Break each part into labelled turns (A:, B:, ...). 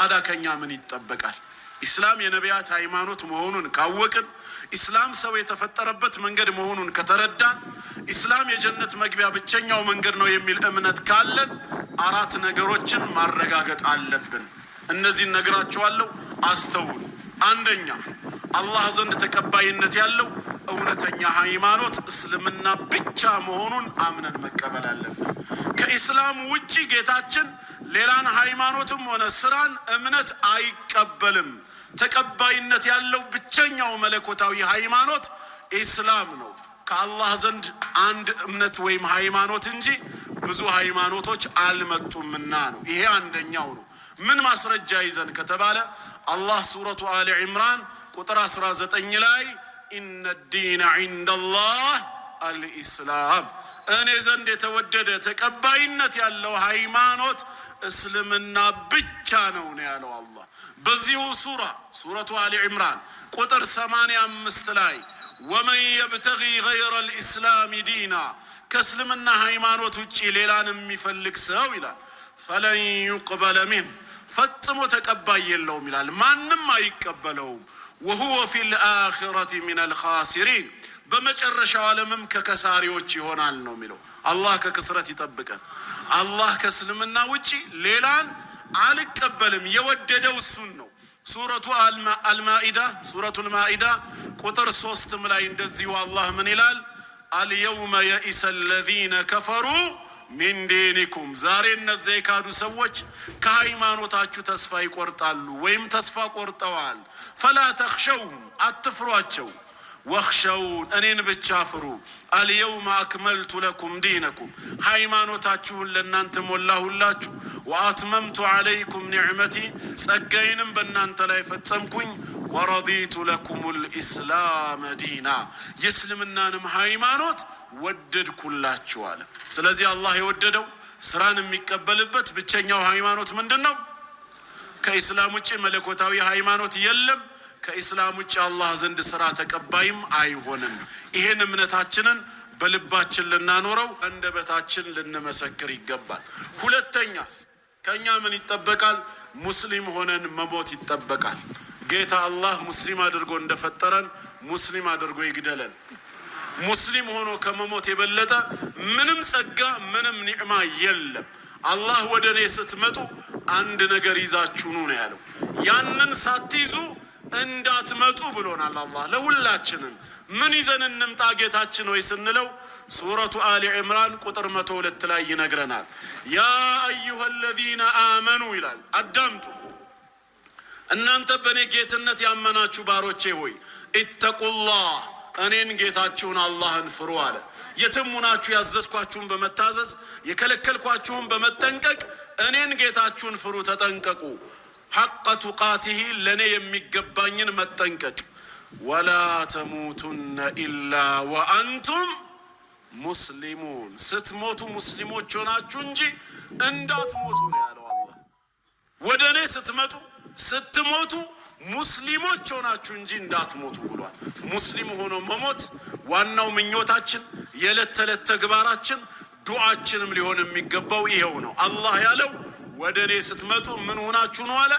A: ታዲያ ከኛ ምን ይጠበቃል? ኢስላም የነቢያት ሃይማኖት መሆኑን ካወቅን፣ ኢስላም ሰው የተፈጠረበት መንገድ መሆኑን ከተረዳን፣ ኢስላም የጀነት መግቢያ ብቸኛው መንገድ ነው የሚል እምነት ካለን አራት ነገሮችን ማረጋገጥ አለብን። እነዚህን ነግራችኋለሁ፣ አስተውሉ። አንደኛ አላህ ዘንድ ተቀባይነት ያለው እውነተኛ ሃይማኖት እስልምና ብቻ መሆኑን አምነን መቀበል አለብን። ከኢስላም ውጪ ጌታችን ሌላን ሃይማኖትም ሆነ ስራን እምነት አይቀበልም። ተቀባይነት ያለው ብቸኛው መለኮታዊ ሃይማኖት ኢስላም ነው። ከአላህ ዘንድ አንድ እምነት ወይም ሃይማኖት እንጂ ብዙ ሃይማኖቶች አልመጡምና ነው። ይሄ አንደኛው ነው። ምን ማስረጃ ይዘን ከተባለ አላህ ሱረቱ አሊ ዒምራን ቁጥር 19 ላይ ኢነ ዲነ ዒንደላህ አልኢስላም፣ እኔ ዘንድ የተወደደ ተቀባይነት ያለው ሃይማኖት እስልምና ብቻ ነው ነው ያለው አላህ። በዚሁ ሱራ ሱረቱ አሊ ዒምራን ቁጥር 85 ላይ ወመን የብተጊ ገይረ ልእስላሚ ዲና ከእስልምና ሃይማኖት ውጪ ሌላን የሚፈልግ ሰው ይላል ፈለን ዩቅበለ ሚን ፈጽሞ ተቀባይ የለውም ይላል። ማንም አይቀበለውም። ወሁወ ፊል አኺረቲ ሚነል ኻሲሪን በመጨረሻው ዓለምም ከከሳሪዎች ይሆናል ነው የሚለው። አላህ ከክስረት ይጠብቀን። አላህ ከእስልምና ውጪ ሌላን አልቀበልም የወደደው እሱን ነው። ሱረቱ አልማኢዳ ሱረቱ አልማኢዳ ቁጥር ሶስትም ላይ እንደዚሁ አላህ ምን ይላል? አልየውመ የኢሰ ለዚነ ከፈሩ ሚን ዲኒኩም፣ ዛሬ እነዚያ የካዱ ሰዎች ከሃይማኖታችሁ ተስፋ ይቆርጣሉ ወይም ተስፋ ቆርጠዋል። ፈላ ተኽሸውም፣ አትፍሯቸው ወኽሸውን እኔን ብቻ ፍሩ። አልየውመ አክመልቱ ለኩም ዲነኩም ሃይማኖታችሁን ለእናንተ ሞላሁላችሁ። ወአትመምቱ ዓለይኩም ኒዕመቲ ጸጋዬንም በእናንተ ላይ ፈጸምኩኝ። ወረዲቱ ለኩም ልኢስላመ ዲና የእስልምናንም ሃይማኖት ወደድኩላችሁ አለ። ስለዚህ አላህ የወደደው ስራን የሚቀበልበት ብቸኛው ሃይማኖት ምንድን ነው? ከኢስላም ውጭ መለኮታዊ ሃይማኖት የለም። ከኢስላም ውጭ አላህ ዘንድ ስራ ተቀባይም አይሆንም። ይሄን እምነታችንን በልባችን ልናኖረው፣ አንደበታችን ልንመሰክር ይገባል። ሁለተኛ ከእኛ ምን ይጠበቃል? ሙስሊም ሆነን መሞት ይጠበቃል። ጌታ አላህ ሙስሊም አድርጎ እንደፈጠረን ሙስሊም አድርጎ ይግደለን። ሙስሊም ሆኖ ከመሞት የበለጠ ምንም ጸጋ ምንም ኒዕማ የለም። አላህ ወደ እኔ ስትመጡ አንድ ነገር ይዛችሁ ኑ ነው ያለው። ያንን ሳትይዙ እንዳትመጡ ብሎናል። አላህ ለሁላችንም ምን ይዘን እንምጣ ጌታችን ወይ ስንለው ሱረቱ አሊ ዕምራን ቁጥር መቶ ሁለት ላይ ይነግረናል። ያ አዩሃ ለዚነ አመኑ ይላል። አዳምጡ እናንተ በእኔ ጌትነት ያመናችሁ ባሮቼ ሆይ ኢተቁላህ እኔን ጌታችሁን አላህን ፍሩ አለ። የትም ሁናችሁ ያዘዝኳችሁን በመታዘዝ የከለከልኳችሁን በመጠንቀቅ እኔን ጌታችሁን ፍሩ፣ ተጠንቀቁ ሐቀ ቱቃቲሂ ለእኔ የሚገባኝን መጠንቀቅ ወላ ተሙቱነ ኢላ ወአንቱም ሙስሊሙን ስትሞቱ ሙስሊሞች ሆናችሁ እንጂ እንዳትሞቱ ነው ያለው አላህ። ወደ እኔ ስትመጡ ስትሞቱ ሙስሊሞች ሆናችሁ እንጂ እንዳትሞቱ ብሏል። ሙስሊም ሆኖ መሞት ዋናው ምኞታችን፣ የዕለት ተዕለት ተግባራችን፣ ዱዓችንም ሊሆን የሚገባው ይኸው ነው። አላህ ያለው ወደ እኔ ስትመጡ ምን ሆናችሁ ነው አለ?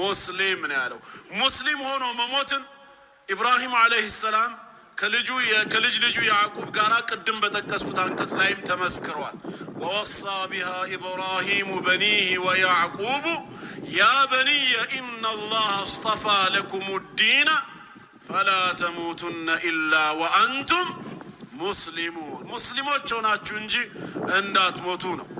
A: ሙስሊም ነው ያለው። ሙስሊም ሆኖ መሞትን ኢብራሂም ዓለይሂ ሰላም ከልጁ ከልጅ ልጁ ያዕቁብ ጋር ቅድም በጠቀስኩት አንቀጽ ላይም ተመስክሯል። ወወሳ ቢሃ ኢብራሂሙ በኒህ ወያዕቁቡ ያ በኒየ ኢና ላህ አስጠፋ ለኩም ዲነ ፈላ ተሙቱነ ኢላ ወአንቱም ሙስሊሙን ሙስሊሞች ሆናችሁ እንጂ እንዳትሞቱ ነው።